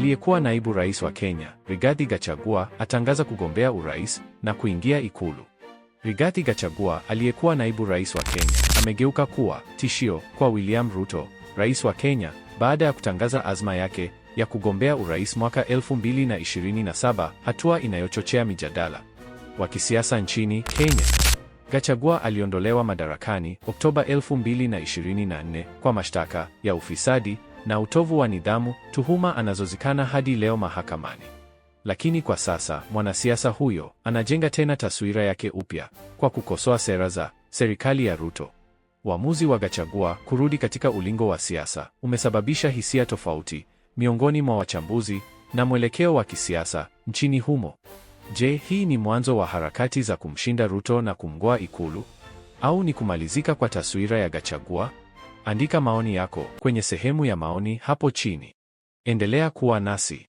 Aliyekuwa naibu rais wa Kenya, Rigathi Gachagua, atangaza kugombea urais na kuingia Ikulu. Rigathi Gachagua, aliyekuwa naibu rais wa Kenya, amegeuka kuwa tishio kwa William Ruto, rais wa Kenya, baada ya kutangaza azma yake ya kugombea urais mwaka 2027, hatua inayochochea mijadala wa kisiasa nchini Kenya. Gachagua aliondolewa madarakani Oktoba 2024 kwa mashtaka ya ufisadi na utovu wa nidhamu, tuhuma anazozikana hadi leo mahakamani. Lakini kwa sasa mwanasiasa huyo anajenga tena taswira yake upya kwa kukosoa sera za serikali ya Ruto. Uamuzi wa Gachagua kurudi katika ulingo wa siasa umesababisha hisia tofauti miongoni mwa wachambuzi na mwelekeo wa kisiasa nchini humo. Je, hii ni mwanzo wa harakati za kumshinda Ruto na kumgoa Ikulu au ni kumalizika kwa taswira ya Gachagua? Andika maoni yako kwenye sehemu ya maoni hapo chini. Endelea kuwa nasi.